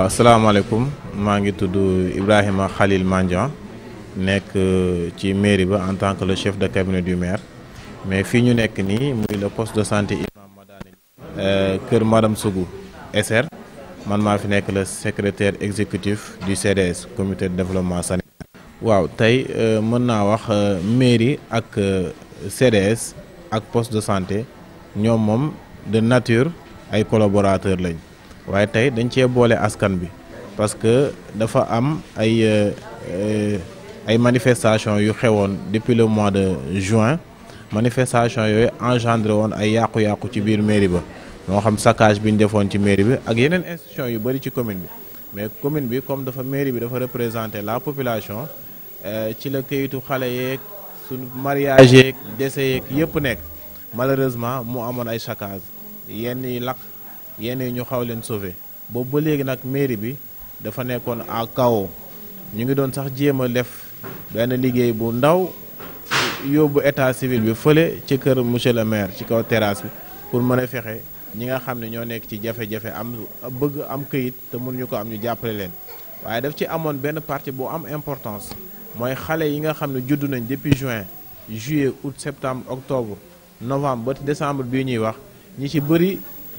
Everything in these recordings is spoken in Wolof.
Assalamu alaikum. Mangi suis Ibrahim Khalil Mandian nek euh, ci mairie en tant que le chef de cabinet du maire mais fii nek ni, nii muy le poste de santé Imam Madani euh, kër madame Sougou SR man ma fi nek le secrétaire exécutif du CDS comité de développement sanitaire. waaw tey euh, mën naa wax mairie ak CDS ak poste de santé Nous sommes de nature ay collaborateurs waaye tey dañ cee boole askan bi parce que dafa am ay euh, euh, ay manifestation yu xewoon depuis le mois de juin manifestation yooyu engendré woon ay yàqu-yàqu ci biir mairie ba moo xam saccage bi ñu defoon ci mairie bi ak yeneen institution yu bëri ci commune bi mais commune bi comme dafa mairie bi dafa représenter la population euh, ci la këyitu xale yeeg suñu mariage yeeg décès yeeg yëpp nekk malheureusement mu amoon ay saccage yenn yi lakk Il ñu xaw leen sauver boobu ba léegi nag mairie bi dafa à a def benn bu ndaw yóbbu état civil bi fële ci kër monsieur le maire ci kaw terrasse bi pour mën a fexe ñi nga xam ne nekk ci jafe-jafe am bëgg am këyit te mënuñu ko am ñu jàppale leen waaye daf ci depuis juin juillet août septembre octobre novembre ba décembre bii ñuy wax ñi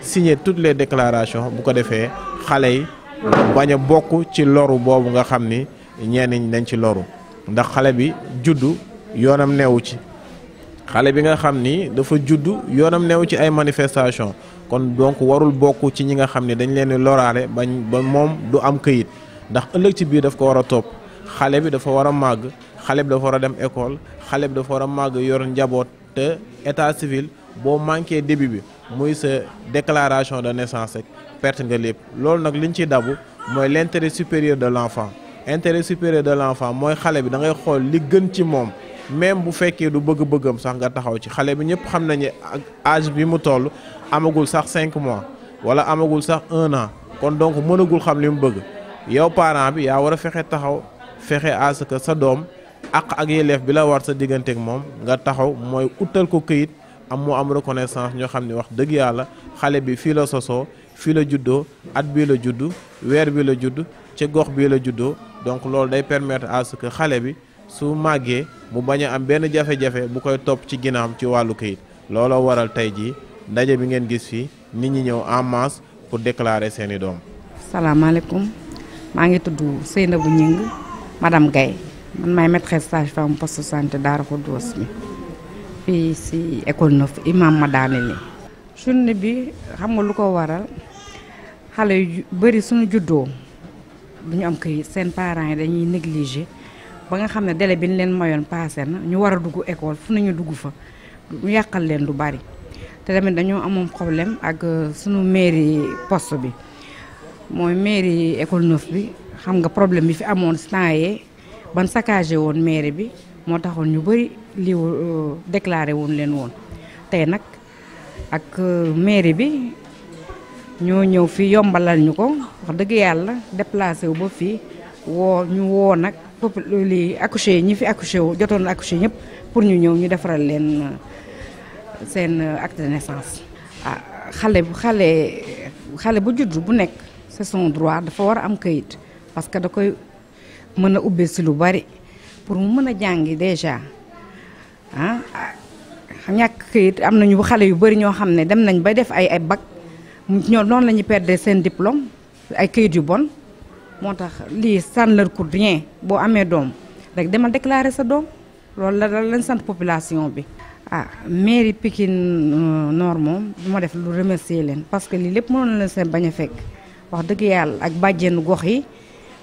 signer toutes les déclarations bu ko défé xalé yi baña bokku ci loru bobu nga xamni ni ñenn ci loru ndax xalé bi juddu yoonam newu ci xalé bi nga xamni dafa juddu yoonam newu ci ay manifestation kon donc warul bokku ci ñi nga xamni dañ leen di bañ ba moom du am keuyit ndax ëlëk ci biir daf ko wara top xalé bi dafa wara mag xalé bi dafa wara dem école xalé bi dafa wara mag yor njabot état civil manque manqué début bi muy sa déclaration de naissance une perte nga superior l'intérêt supérieur de l'enfant intérêt supérieur de l'enfant moy xalé bi da ngay xol li gën ci même bu féké du bëgg-bëggam sax nga taxaw ci âge bi mu amagul mois wala amagul sax 1 an donc mënagul xam li bëgg yow parent bi taxaw à ce que sa dom ak ak yelef bi la war sa ak nga am am reconnaissance ñoo xam wax dëgg yàlla xale bi fii la sosoo fii la juddoo at bii la bi la gox la donc loolu day permettre à ce que xale bi su màggee mu bañ am benn jafe-jafe bu koy topp ci ginaam ci waral ndaje bi ngeen gis nit ñi ñëw en masse pour déclarer seen i doom. salaamaaleykum maa ngi madame Gaye man maîtresse sage-femme poste santé fii si école neuf imam ma daane ni bi xam nga lu ko waral xale yu bëri suñu juddoo bu ñu am këyit seen parents yi dañuy négliger ba nga xam ne délai bi ñu leen mayoon passé na ñu war a dugg école fu ñu dugg fa ñu yàqal leen lu bari te tamit dañoo amoon problème ak euh, suñu mairie post bi mooy mairie école neuf bi xam nga problème bi fi amoon temps ban saccagé woon mairie bi moo taxoon ñu bëri lii euh, déclaré woon leen woon tey nag ak euh, mairie bi ñoo ñëw fii yombalal ñu ko wax dëgg yàlla déplacé wu ba fii woo ñu woo nag popul euh, lii accouché yi ñi fi accouché wu jotoon accouché ñëpp pour ñu ñëw ñu defaral leen seen acte naissance. ah xale xale xale bu juddu bu nekk c'est son droit dafa war am kayit parce da koy mën a ubbee si lu bari. pour mu mën déjà ah, ah ñàkk am nañu xale yu bëri ñoo xam dem nañ ba def ay bac diplôme ay këyit yu bon moo tax lii leur rien boo amee doom rek demal déclarer sa la lañ population ah mairie Pikine euh, Nord moom ma def lu remercier parce que lii lépp mënoon na leen seen fekk wax dëgg yàlla ak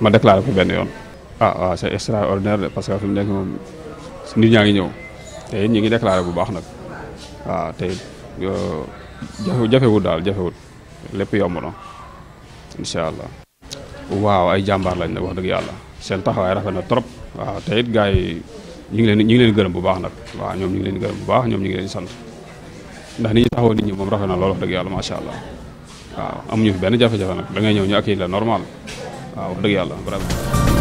ma déclaré ko benn yoon ah waaw ah, c'est extraordinaire de parce que fi mu nekk moom nit ñaa ngi ñëw te ñu ngi déclaré bu baax nag waaw ah, te euh, jafewul daal jafewul lépp yomb na incha allah waaw ay jàmbaar lañ nag wax dëgg yàlla seen taxawaay rafet na trop waaw ah, te it gars yi ñu ngi leen ñu ngi leen gërëm bu baax nag waaw ñoom ñu ngi leen gërëm bu baax ñoom ñu ngi leen sant ndax ni ñu taxawoo nit ñi moom rafet na lool wax dëgg yàlla macha allah waaw amuñu fi benn jafe-jafe nag da ngay ñëw ñu accueil la normal waaw dëgg yàlla bravo